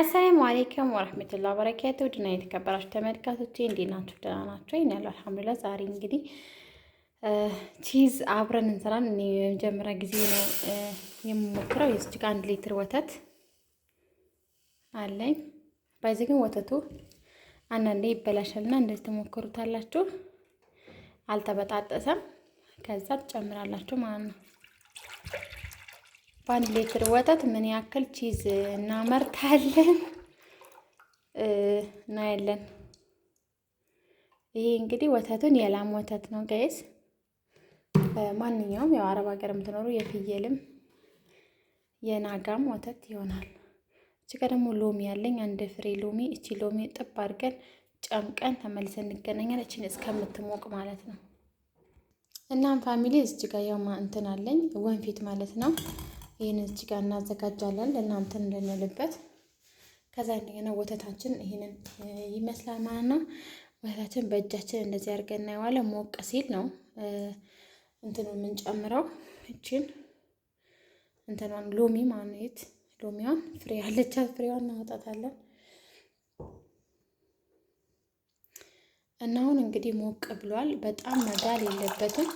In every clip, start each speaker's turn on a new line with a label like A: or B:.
A: አሰላሙ አሌይኩም ወረህመቱላ በረካቱ ድና የተከበራችሁ ተመልካቶቼ እንዴት ናችሁ? ደህና ናቸው ይን ያለው አልሐምዱሊላህ። ዛሬ እንግዲህ ቺዝ አብረን እንሰራን እኔ የመጀመሪያ ጊዜ ነው የምሞክረው። የስችግ አንድ ሊትር ወተት አለኝ። በዚህ ግን ወተቱ አንዳንዴ ይበላሻልና እንደዚህ ትሞክሩታላችሁ። አልተበጣጠሰም። ከዛ ትጨምራላችሁ ማለት ነው በአንድ ሌትር ወተት ምን ያክል ቺዝ እናመርታለን እናያለን። ይሄ እንግዲህ ወተቱን የላም ወተት ነው ጋይስ። ማንኛውም ያው አረብ ሀገር የምትኖሩ የፍየልም የናጋም ወተት ይሆናል። እዚህ ጋር ደግሞ ሎሚ ያለኝ አንድ ፍሬ ሎሚ፣ እቺ ሎሚ ጥብ አድርገን ጨምቀን ተመልሰን እንገናኛለን። እችን እስከምትሞቅ ማለት ነው። እናም ፋሚሊ እዚህ ጋር ያው እንትን አለኝ ወንፊት ማለት ነው ይህን እዚህ ጋር እናዘጋጃለን ለእናንተ እንድንልበት። ከዛ እንደገና ወተታችን ይህንን ይመስላል ማለት ነው። ወተታችን በእጃችን እንደዚህ አድርገን እናየዋለን። ሞቅ ሲል ነው እንትኑ የምንጨምረው እችን እንትኗን ሎሚ ማግኘት ሎሚዋን ፍሬ ያለቻት ፍሬዋን እናወጣታለን። እና አሁን እንግዲህ ሞቅ ብሏል። በጣም መጋል የለበትም።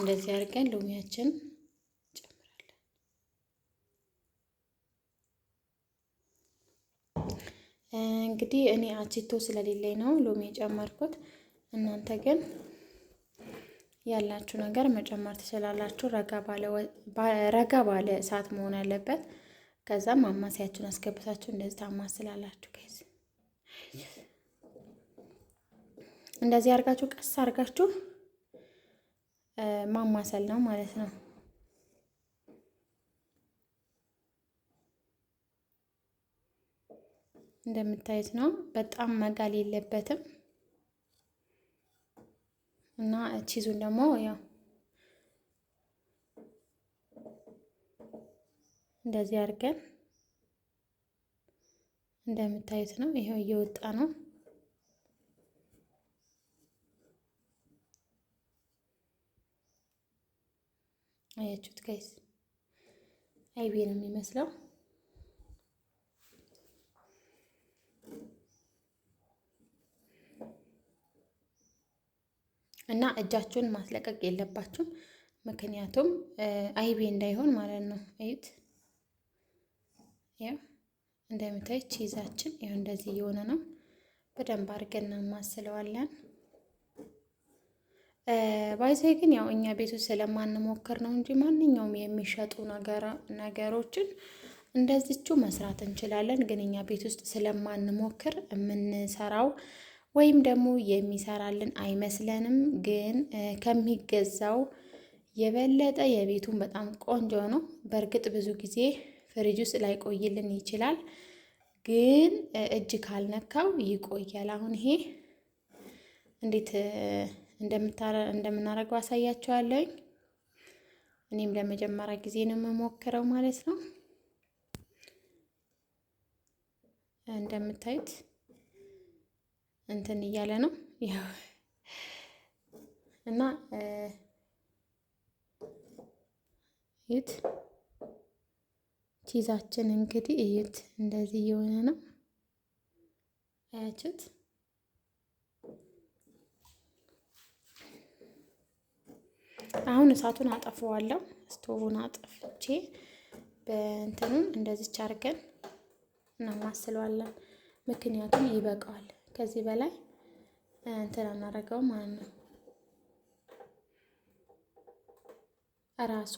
A: እንደዚህ አድርገን ሎሚያችን እንግዲህ እኔ አችቶ ስለሌለኝ ነው ሎሚ የጨመርኩት። እናንተ ግን ያላችሁ ነገር መጨመር ትችላላችሁ። ረጋ ባለ እሳት መሆን አለበት። ከዛም አማሳያችሁን አስገብታችሁ እንደዚህ ታማስላላችሁ። ከዚ እንደዚህ አርጋችሁ ቀስ አርጋችሁ ማማሰል ነው ማለት ነው። እንደምታዩት ነው። በጣም መጋል የለበትም እና ቺዙን ደግሞ ያው እንደዚህ አድርገን እንደምታዩት ነው። ይሄው እየወጣ ነው። አያችሁት ጋይስ አይቤ ነው የሚመስለው። እና እጃችሁን ማስለቀቅ የለባችሁም። ምክንያቱም አይቤ እንዳይሆን ማለት ነው። እዩት፣ ያው እንደምታይ ቺዛችን ይኸው እንደዚህ እየሆነ ነው። በደንብ አድርገን እናማስለዋለን። ባይዘይ ግን ያው እኛ ቤቱ ስለማንሞክር ነው እንጂ ማንኛውም የሚሸጡ ነገሮችን እንደዚቹ መስራት እንችላለን። ግን እኛ ቤት ውስጥ ስለማንሞክር የምንሰራው ወይም ደግሞ የሚሰራልን አይመስለንም። ግን ከሚገዛው የበለጠ የቤቱን በጣም ቆንጆ ነው። በእርግጥ ብዙ ጊዜ ፍሪጅ ውስጥ ላይቆይልን ይችላል፣ ግን እጅ ካልነካው ይቆያል። አሁን ይሄ እንዴት እንደምናደርገው አሳያቸዋለኝ እኔም ለመጀመሪያ ጊዜ ነው የምሞክረው ማለት ነው። እንደምታዩት እንትን እያለ ነው ያው እና እዩት ቺዛችን እንግዲህ እዩት፣ እንደዚህ እየሆነ ነው። አያችሁት? አሁን እሳቱን አጠፈዋለሁ። ስቶቡን አጠፍቼ በእንትኑን እንደዚች አድርገን እናማስለዋለን፣ ምክንያቱም ይበቃዋል። ከዚህ በላይ እንትን አናደርገው ማለት ነው። ራሱ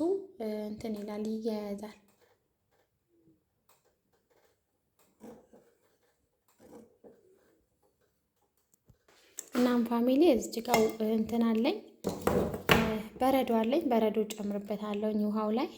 A: እንትን ይላል ይያያዛል። እናም ፋሚሊ እዚህ ጋር እንትን አለኝ በረዶ አለኝ። በረዶ ጨምርበታለሁ ውሃው ላይ